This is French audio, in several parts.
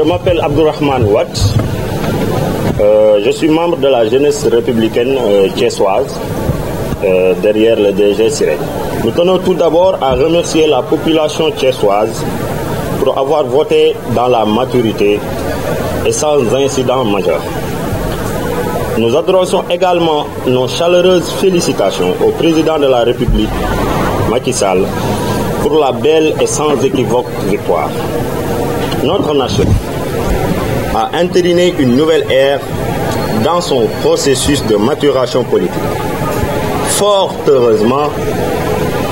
Je m'appelle Abdourahman Ouad. Euh, je suis membre de la jeunesse républicaine euh, euh derrière le DG Nous tenons tout d'abord à remercier la population tchessoise pour avoir voté dans la maturité et sans incident majeur. Nous adressons également nos chaleureuses félicitations au président de la République, Macky Sall, pour la belle et sans équivoque victoire notre nation a entériné une nouvelle ère dans son processus de maturation politique. Fort heureusement,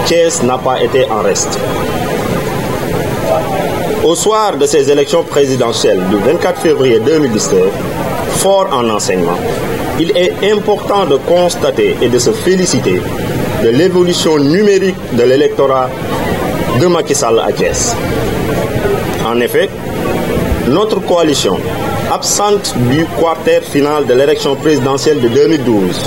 Thiès n'a pas été en reste. Au soir de ces élections présidentielles du 24 février 2017, fort en enseignement, il est important de constater et de se féliciter de l'évolution numérique de l'électorat de Macky Sall à Thiès. En effet, notre coalition, absente du quartier final de l'élection présidentielle de 2012,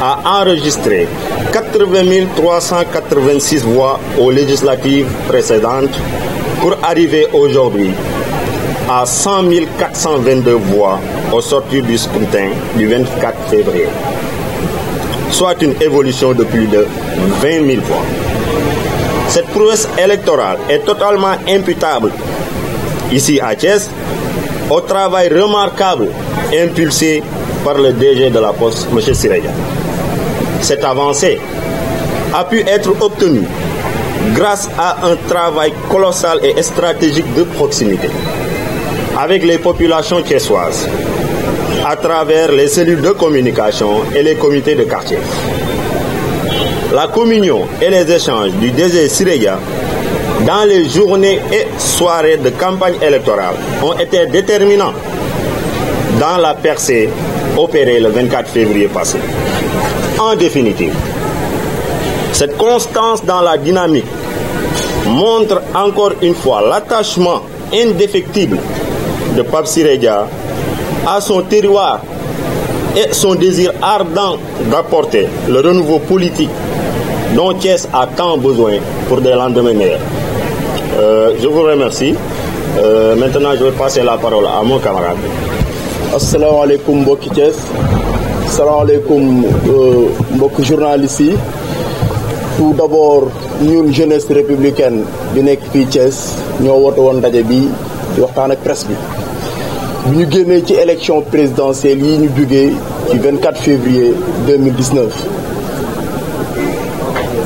a enregistré 80 386 voix aux législatives précédentes pour arriver aujourd'hui à 100 422 voix au sortir du scrutin du 24 février, soit une évolution de plus de 20 000 voix. Cette prouesse électorale est totalement imputable ici à Thiès, au travail remarquable impulsé par le DG de la Poste, M. Sireya. Cette avancée a pu être obtenue grâce à un travail colossal et stratégique de proximité avec les populations thiessoises à travers les cellules de communication et les comités de quartier. La communion et les échanges du DG Sireya dans les journées et soirées de campagne électorale ont été déterminants dans la percée opérée le 24 février passé. En définitive, cette constance dans la dynamique montre encore une fois l'attachement indéfectible de Pape Sireja à son terroir et son désir ardent d'apporter le renouveau politique dont Thiès a tant besoin pour des lendemains meilleurs. Euh, je vous remercie. Euh, maintenant, je vais passer la parole à mon camarade. Assalamu alaikum, Assalamu alaikum, euh, tout d'abord une jeunesse républicaine bi nous ñoo presse Nous avons élection présidentielle du 24 février 2019.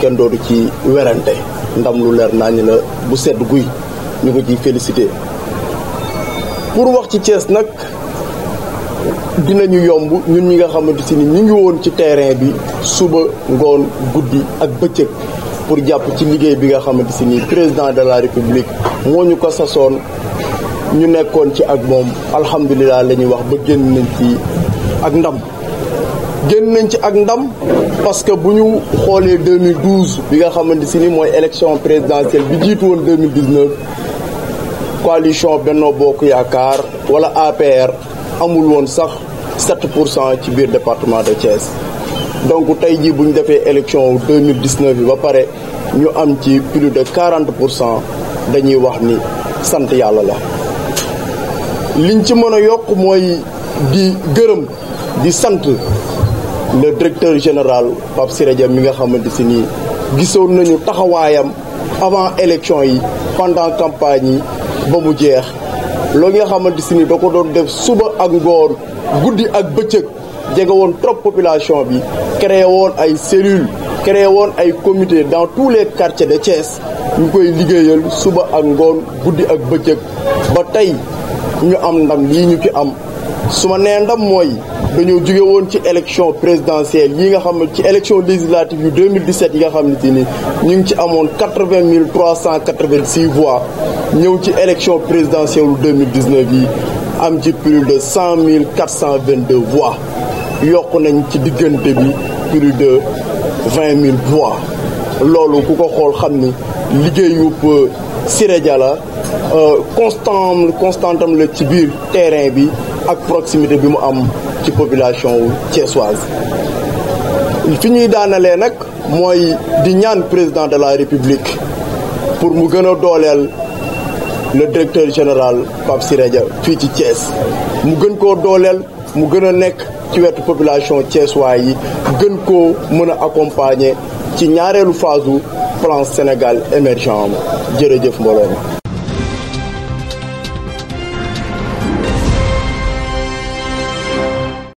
kenn doodu ci werante ndam lu leer naa ñu la bu sedd guy ñu ko ci félicité pour wax ci Thiès nag dinañu yomb ñun ñi nga xamante si ni ñu ngi woon ci terrain bi suba ngoon guddi ak bëccëg pour jàpp ci liggéey bi nga xamante si ni président de la république moo ñu ko sasoon ñu nekkoon ci ak moom alhamdulilah lañuy wax ba génn nañ ci ak ndam génn nañ ci ak ndam parce que bu ñu xoolee 2012 bi nga xamante si ni mooy élection présidentielle bi jiitu woon 2019 coalition Benno Bokk Yaakaar wala APR amul woon sax 7 pour cent ci biir département de Thiès donc tey jii bu ñu defee élection 2019 bi ba pare ñu am ci plus de 40 pour cent dañuy wax ni sant yàlla la liñ ci mën a yokk mooy di gërëm di sant le directeur général Pape Siré mi nga xamante si nii gisoon nañu taxawaayam avant élection yi pendant campagne yi ba mu jeex loolu nga xamante si ni da ko doon def suba ak ngoon guddi ak bëccëg jege woon trop population bi créé woon ay cellules créé woon ay comités dans tous les quartiers de Thiès ñu koy liggéeyal suba ak ngoon guddi ak bëccëg ba tey ñu am ndam lii ñu ci am su ma nee ndam mooy dañoo jóge woon ci élection présidentielle yi nga xam ne ci élection législative yu 2017 yi nga xam ne ni ñu ngi ci amoon 80 mille 386 voix ñëw ci élection présidentielle yu 2019 yi am ci plus de 100 mille 422 voix yokk nañ ci diggante bi plus de 20 mille voix loolu ku ko xool xam ni liggéeyub euh, Siré Dia la constant euh, constantam la ci biir terrain bi ak proximité bi mu am ci population wu thiessoise fi ñuy daanalee nag mooy di ñaan président de la république pour mu gën a dooleel le directeur général Pape Siré Dia fii ci Thiès mu gën koo dooleel mu gën a nekk ci wetu population thiessois yi gën koo mën a accompagner ci ñaareelu phase plan Sénégal émergent jërëjëf mbooloo